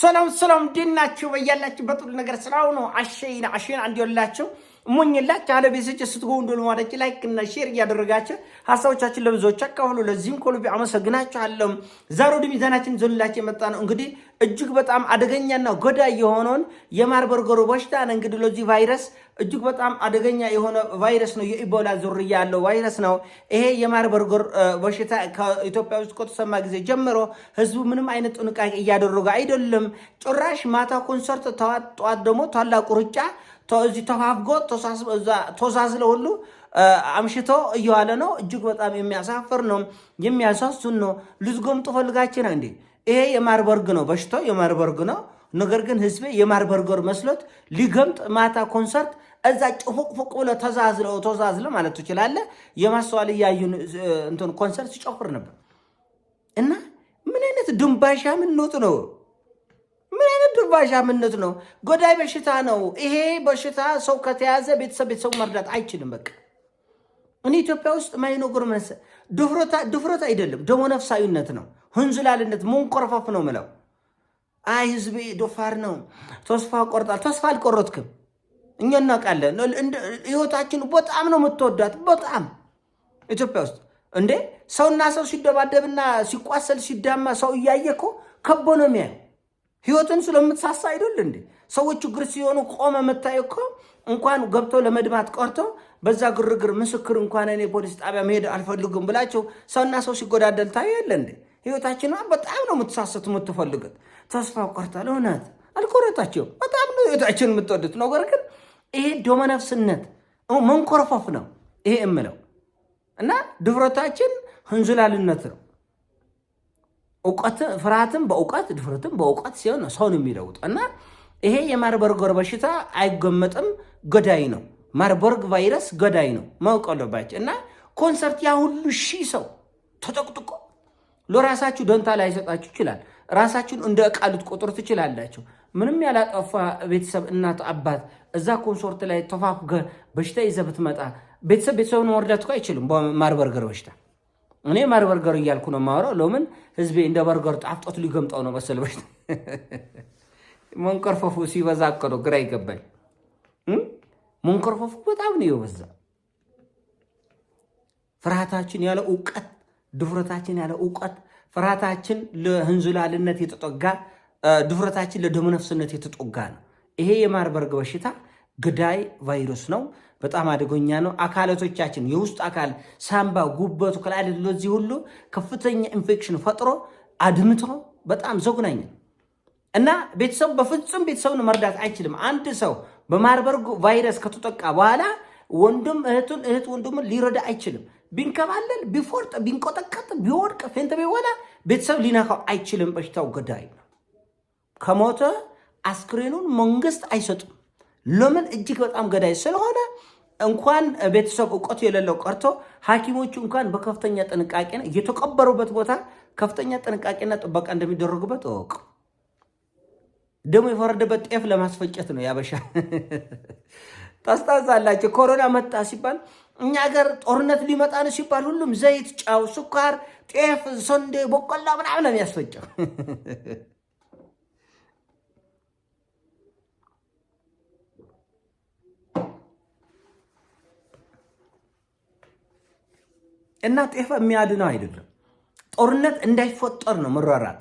ሰላም ሰላም፣ እንዴት ናችሁ? በያላችሁበት ሁሉ ነገር ስራው ነው። አሸይና አሸይን አንድ ያላችሁ ሞኝላች አለ ቤሰች ስትጎ እንደሆነ ማለች ላይክ እና ሼር እያደረጋችሁ ሀሳቦቻችን ለብዙዎች አካፍሉ። ለዚህም ኮሎቢ አመሰግናችኋለሁ። ዛሬ ወደ ሚዛናችን ይዞንላችሁ የመጣ ነው እንግዲህ እጅግ በጣም አደገኛና ጎዳ የሆነውን የማርበርገሩ በሽታ ነው። እንግዲህ ለዚህ ቫይረስ እጅግ በጣም አደገኛ የሆነ ቫይረስ ነው። የኢቦላ ዝርያ ያለው ቫይረስ ነው። ይሄ የማርበርገር በሽታ ከኢትዮጵያ ውስጥ ከተሰማ ጊዜ ጀምሮ ህዝቡ ምንም አይነት ጥንቃቄ እያደረገ አይደለም። ጭራሽ ማታ ኮንሰርት፣ ጠዋት ደግሞ ታላቁ ሩጫ እዚህ ተፋፍጎ ተዛዝለ ሁሉ አምሽቶ እየዋለ ነው። እጅግ በጣም የሚያሳፍር ነው፣ የሚያሳስን ነው። ልዝጎምጡ ፈልጋችን እንዴ ይሄ የማርበርግ ነው፣ በሽታው የማርበርግ ነው። ነገር ግን ህዝቤ የማርበርገር መስሎት ሊገምጥ ማታ ኮንሰርት እዛ ጭፉቅፉቅ ብሎ ተዛዝለ ተዛዝለ ማለት ትችላለ። የማስተዋል እያዩን እንትን ኮንሰርት ሲጨፍር ነበር እና ምን አይነት ድንባሻ ምን ነው ትንፋሻምነት ነው፣ ጎዳይ በሽታ ነው። ይሄ በሽታ ሰው ከተያዘ ቤተሰብ ቤተሰቡ መርዳት አይችልም። በቃ እኔ ኢትዮጵያ ውስጥ ማይኖጎር መሰ ድፍረት አይደለም፣ ደሞ ነፍሳዊነት ነው፣ ህንዝላልነት መንኮርፈፍ ነው ምለው። አይ ህዝቤ ዶፋር ነው፣ ተስፋ ቆርጣል። ተስፋ አልቆረጥክም፣ እኛ እናውቃለን። ህይወታችን በጣም ነው የምትወዳት፣ በጣም ኢትዮጵያ ውስጥ እንዴ ሰውና ሰው ሲደባደብና ሲቋሰል ሲዳማ ሰው እያየ እኮ ከቦ ነው የሚያዩ ህይወትን ስለምትሳሳ አይደል እንዴ? ሰዎች ችግር ሲሆኑ ቆመ መታየ እኮ እንኳን ገብቶ ለመድማት ቀርቶ በዛ ግርግር ምስክር እንኳን እኔ ፖሊስ ጣቢያ መሄድ አልፈልግም ብላቸው ሰውና ሰው ሲጎዳደል ታየ የለ እንዴ? ህይወታችን በጣም ነው የምትሳሰት የምትፈልገት። ተስፋ ቆርታል። እውነት አልቆረጣቸውም። በጣም ነው ህይወታችን የምትወዱት። ነገር ግን ይሄ ዶመነፍስነት መንኮርፈፍ ነው ይሄ የምለው እና ድፍረታችን ህንዝላልነት ነው። ፍርሃትም በእውቀት ድፍረትም በእውቀት ሲሆን ሰውን የሚለውጥ እና ይሄ የማርበርገር በሽታ አይገመጥም፣ ገዳይ ነው። ማርበርግ ቫይረስ ገዳይ ነው ማወቅ አለባቸው። እና ኮንሰርት ያ ሁሉ ሺህ ሰው ተጠቅጥቆ ለራሳችሁ ደንታ ላይሰጣችሁ ይችላል። ራሳችሁን እንደ ዕቃ ልትቆጥሩ ትችላላችሁ። ምንም ያላጠፋ ቤተሰብ እናት፣ አባት እዛ ኮንሰርት ላይ ተፋፍገ በሽታ ይዘህ ብትመጣ ቤተሰብ ቤተሰብን መርዳት እኮ አይችልም። ማርበርገር በሽታ እኔ ማር በርገር እያልኩ ነው የማወራው። ለምን ህዝቤ እንደ በርገር ጣፍጦት ሊገምጠው ነው መሰል በሽ መንቀርፈፉ ሲበዛ እኮ ነው ግራ ይገባል መንቀርፈፉ በጣም ነው የበዛ። ፍርሃታችን ያለ እውቀት፣ ድፍረታችን ያለ እውቀት፣ ፍርሃታችን ለህንዝላልነት የተጠጋ ድፍረታችን ለደመነፍስነት የተጠጋ ነው። ይሄ የማርበርግ በሽታ ግዳይ ቫይረስ ነው። በጣም አደገኛ ነው። አካላቶቻችን የውስጥ አካል ሳምባ፣ ጉበቱ ከላይ ለዚህ ሁሉ ከፍተኛ ኢንፌክሽን ፈጥሮ አድምቶ በጣም ዘጉናኝ እና ቤተሰቡ በፍጹም ቤተሰቡን መርዳት አይችልም። አንድ ሰው በማርበርግ ቫይረስ ከተጠቃ በኋላ ወንድም እህቱን፣ እህት ወንድሙን ሊረዳ አይችልም። ቢንከባለል፣ ቢፎርጥ፣ ቢንቆጠቀጥ፣ ቢወድቅ፣ ፌንት ቢወላ ቤተሰብ ሊነካው አይችልም። በሽታው ገዳይ ነው። ከሞተ አስክሬኑን መንግስት አይሰጡም። ለምን? እጅግ በጣም ገዳይ ስለሆነ እንኳን ቤተሰብ እውቀቱ የሌለው ቀርቶ ሐኪሞቹ እንኳን በከፍተኛ ጥንቃቄ የተቀበሩበት ቦታ ከፍተኛ ጥንቃቄና ጥበቃ እንደሚደረጉበት እወቅ። ደግሞ የፈረደበት ጤፍ ለማስፈጨት ነው። ያበሻ ታስታውሳላችሁ፣ ኮሮና መጣ ሲባል እኛ ሀገር ጦርነት ሊመጣ ነው ሲባል ሁሉም ዘይት፣ ጫው፣ ስኳር፣ ጤፍ፣ ሶንዴ በቆላ ምናምን ነው የሚያስፈጨው። እና ጤፍ የሚያድነው አይደለም። ጦርነት እንዳይፈጠር ነው መሯራጥ፣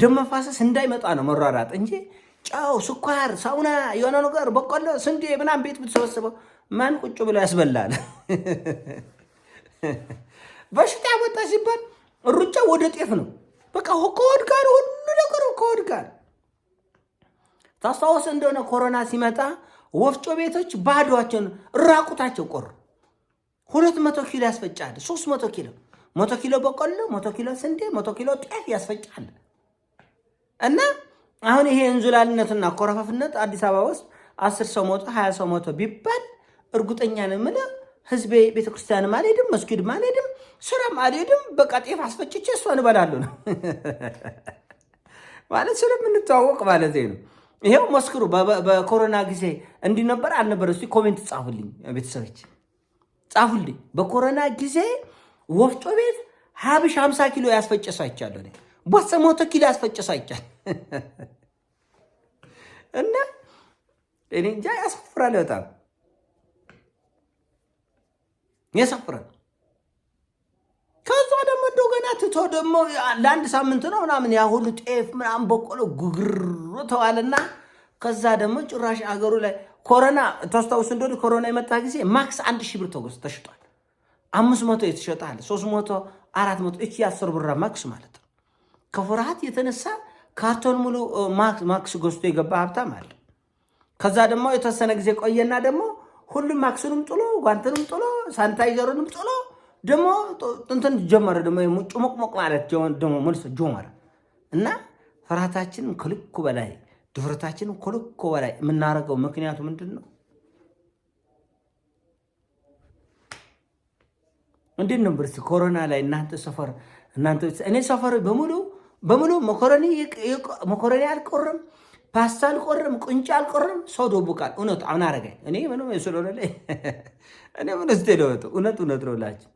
ደም መፋሰስ እንዳይመጣ ነው መሯራጥ እንጂ ጨው፣ ስኳር፣ ሳውና የሆነ ነገር በቆሎ፣ ስንዴ ምናምን ቤት ብትሰበስበው ማን ቁጭ ብሎ ያስበላል? በሽታ ወጣ ሲባል ሩጫ ወደ ጤፍ ነው። በቃ ከወድ ጋር ሁሉ ነገር ከወድ ጋር ታስታውስ እንደሆነ ኮሮና ሲመጣ ወፍጮ ቤቶች ባዷቸውን ራቁታቸው ቆር ሁለት መቶ ኪሎ ያስፈጫል። ሶስት መቶ ኪሎ መቶ ኪሎ በቆሎ፣ መቶ ኪሎ ስንዴ፣ መቶ ኪሎ ጤፍ ያስፈጫል። እና አሁን ይሄ እንዙላልነትና ኮረፈፍነት አዲስ አበባ ውስጥ አስር ሰው ሞቶ ሀያ ሰው ሞቶ ቢባል እርግጠኛ ነው የምልህ ህዝቤ ቤተክርስቲያንም አልሄድም፣ መስጊድም አልሄድም፣ ስራም አልሄድም። በቃ ጤፍ አስፈጭቼ እሷን እበላለሁ ነው ማለት ስለምንተዋወቅ ማለት ነው። ይሄው መስክሩ። በኮሮና ጊዜ እንዲህ ነበር አልነበረ? እስኪ ኮሜንት ጻፉልኝ ቤተሰቦች። ጻፉልኝ። በኮሮና ጊዜ ወፍጮ ቤት ሀብሽ 50 ኪሎ ያስፈጨ ሰው አይቻለሁ። ቦሰ መቶ ኪሎ ያስፈጨ ሰው አይቻል እና እኔ እንጃ ያሳፍራል፣ በጣም ያሳፍራል። ከዛ ደግሞ እንደው ገና ትቶ ደግሞ ለአንድ ሳምንት ነው ምናምን ያ ሁሉ ጤፍ ምናምን በቆሎ ጉግር ተዋልና ከዛ ደግሞ ጭራሽ አገሩ ላይ ኮሮና ታስታውስ እንደሆነ ኮሮና የመጣ ጊዜ ማክስ አንድ ሺህ ብር ተሽጧል። አምስት መቶ የተሸጠ አለ። ሶስት መቶ አራት መቶ እቺ የአስር ብራ ማክስ ማለት ነው። ከፍርሃት የተነሳ ካርቶን ሙሉ ማክስ ገዝቶ የገባ ሀብታም አለ። ከዛ ደግሞ የተወሰነ ጊዜ ቆየና ደግሞ ሁሉም ማክስንም ጥሎ ጓንትንም ጥሎ ሳንታይዘሩንም ጥሎ ደግሞ እንትን ጀመረ ደግሞ ጭሙቅሙቅ ማለት ደግሞ መልሶ ጀመረ እና ፍርሃታችን ከልኩ በላይ ድፍረታችንን ኮልኮ በላይ የምናደርገው ምክንያቱ ምንድን ነው? እንዴት ነው ብርስ ኮሮና ላይ እናንተ ሰፈር እናንተ እኔ ሰፈር በሙሉ በሙሉ መኮረኒ መኮረኒ አልቆረም፣ ፓስታ አልቆረም፣ ቁንጫ አልቆረም። ሰው ዶቡቃል። እውነቱ አሁን አረጋኝ እኔ ምንም ስለሆነ እኔ ምን ስ ለወጡ እውነት እውነት ነው ላችሁ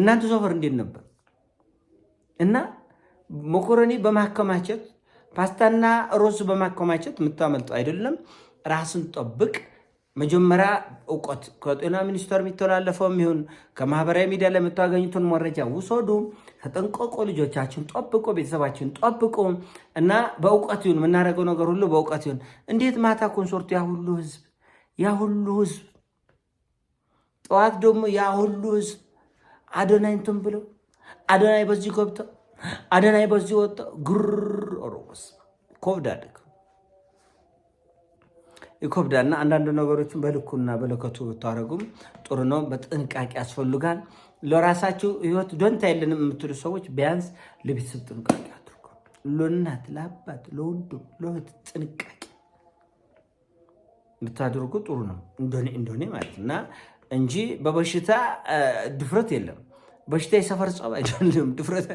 እናንተ ሰፈር እንዴት ነበር? እና መኮረኒ በማከማቸት ፓስታና ሮዝ በማከማቸት የምታመልጡ አይደለም። ራስን ጠብቅ። መጀመሪያ እውቀት ከጤና ሚኒስቴር የሚተላለፈው የሚሆን ከማህበራዊ ሚዲያ ላይ የምታገኙትን መረጃ ውሰዱ። ተጠንቀቁ። ልጆቻችን ጠብቁ፣ ቤተሰባችን ጠብቁ እና በእውቀት ይሁን የምናደርገው ነገር ሁሉ በእውቀት ይሁን። እንዴት ማታ ኮንሰርቱ ያ ሁሉ ህዝብ ያ ሁሉ ህዝብ ጠዋት ደግሞ ያ ሁሉ ህዝብ አዶናይንትን ብለው አዶናይ በዚህ ገብተው አደናይ በዚህ ወጥ ግር ኦሮስ ኮብዳ ደግ ይኮብዳና አንዳንድ ነገሮችን በልኩና በለከቱ ብታደረጉም ጥሩ ነው። በጥንቃቄ ያስፈልጋል። ለራሳችሁ ህይወት ዶንታ የለንም የምትሉ ሰዎች ቢያንስ ለቤተሰብ ጥንቃቄ አድርጉ። ለእናት ለአባት፣ ለወንድም፣ ለእህት ጥንቃቄ ብታደርጉ ጥሩ ነው። እንደኔ እንደኔ ማለት እና እንጂ በበሽታ ድፍረት የለም። በሽታ የሰፈር ጸብ አይደለም። ድፍረት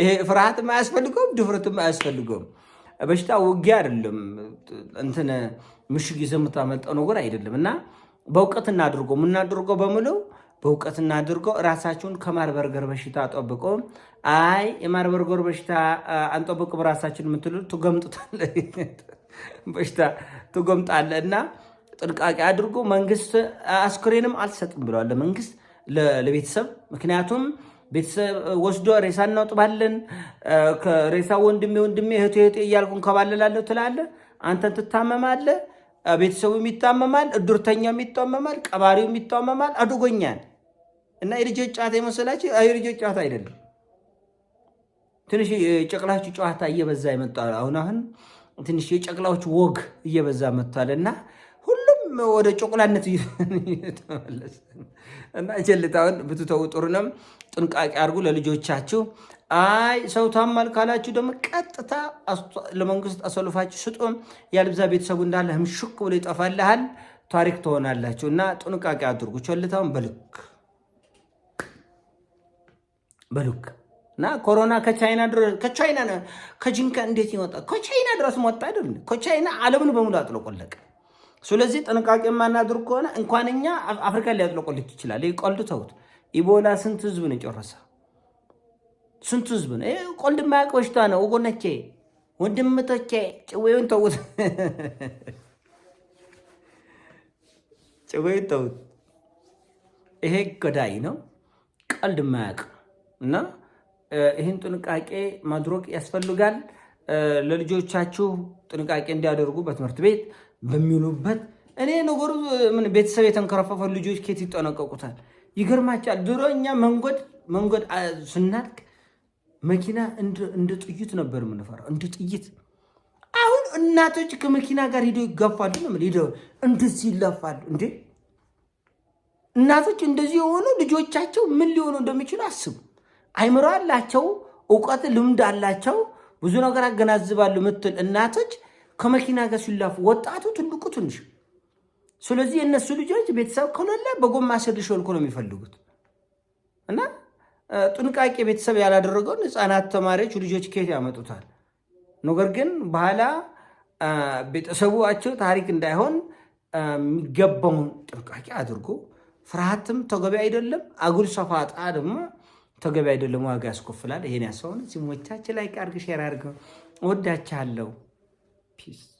ይሄ ፍርሃትም አያስፈልገውም፣ ድፍረትም አያስፈልገውም። በሽታ ውጊያ አይደለም። እንትን ምሽግ ይዘህ የምታመልጠው ነገር አይደለም እና በእውቀት እናድርገው የምናድርገው በምለው በእውቀት እናድርገው። ራሳችሁን ከማርበርገር በሽታ አጠብቆ አይ የማርበርገር በሽታ አንጠብቅም ራሳችን የምትሉ ትገምጡታለ በሽታ ትገምጣለ እና ጥንቃቄ አድርጎ መንግስት አስክሬንም አልሰጥም ብለዋል መንግስት ለቤተሰብ ምክንያቱም ቤተሰብ ወስዶ ሬሳ እናውጥባለን ከሬሳ ወንድሜ ወንድሜ እህቴ እህቴ እያልኩ እንከባለላለሁ ትላለህ። አንተን ትታመማለህ፣ ቤተሰቡ ይታመማል፣ እድርተኛውም ይታመማል፣ ቀባሪው ይታመማል፣ አድጎኛል እና የልጆች ጨዋታ የመሰላችሁ የልጆች ጨዋታ አይደለም። ትንሽ የጨቅላዎች ጨዋታ እየበዛ ይመጣል። አሁን አሁን ትንሽ የጨቅላዎች ወግ እየበዛ መጥቷል እና ወደ ጮቁላነት እየተመለሰ እና ጀልታውን ብትተው ጥሩ ነው። ጥንቃቄ አድርጉ ለልጆቻችሁ። አይ ሰው ታማል ካላችሁ ደግሞ ቀጥታ ለመንግስት አሰልፋችሁ ስጡ። ያልብዛ ቤተሰቡ እንዳለ ህምሽክ ብሎ ይጠፋልሃል። ታሪክ ትሆናላችሁ እና ጥንቃቄ አድርጉ። ቸልታውን በልክ በልክ እና ኮሮና ከቻይና ከቻይና ከጅንካ እንዴት ይወጣ? ከቻይና ድረስ መወጣ አይደል? ከቻይና አለምን በሙሉ አጥለቆለቀ። ስለዚህ ጥንቃቄ የማናድር ከሆነ እንኳን እኛ አፍሪካን ሊያጥለቆልት ይችላል። ይህ ቀልድ ተውት። ኢቦላ ስንት ህዝብ ነው ጨረሰ? ስንት ህዝብ ነው? ቀልድ የማያውቅ በሽታ ነው። ወጎነቼ ወንድምቶቼ፣ ጭዌውን ተውት፣ ጭዌውን ተውት። ይሄ ገዳይ ነው፣ ቀልድ የማያውቅ እና ይህን ጥንቃቄ ማድረግ ያስፈልጋል። ለልጆቻችሁ ጥንቃቄ እንዲያደርጉ በትምህርት ቤት በሚውሉበት እኔ ነገሩ ምን ቤተሰብ የተንከረፈፈ ልጆች ኬት ይጠነቀቁታል። ይገርማቻል። ድሮ እኛ መንጎድ መንገድ ስናድቅ መኪና እንደ ጥይት ነበር የምንፈራው፣ እንደ ጥይት። አሁን እናቶች ከመኪና ጋር ሂደው ይጋፋሉ፣ እንደዚህ ይለፋሉ። እንዴ እናቶች እንደዚህ የሆኑ ልጆቻቸው ምን ሊሆኑ እንደሚችሉ አስቡ። አይምሮ አላቸው፣ እውቀት ልምድ አላቸው፣ ብዙ ነገር አገናዝባሉ ምትል እናቶች ከመኪና ጋር ሲላፉ ወጣቱ ትልቁ ትንሽ። ስለዚህ የእነሱ ልጆች ቤተሰብ ከሌለ በጎማ ስድሽ ወልኮ ነው የሚፈልጉት እና ጥንቃቄ ቤተሰብ ያላደረገውን ህፃናት፣ ተማሪዎች፣ ልጆች ከየት ያመጡታል? ነገር ግን በኋላ ቤተሰቡቸው ታሪክ እንዳይሆን የሚገባውን ጥንቃቄ አድርጎ ፍርሃትም ተገቢ አይደለም። አጉል ሰፋጣ ደግሞ ተገቢ አይደለም፣ ዋጋ ያስከፍላል። ይሄን ያሰውን ሲሞቻችን ላይ ቃርግ ሼር አድርገው። እወዳችኋለሁ። Peace.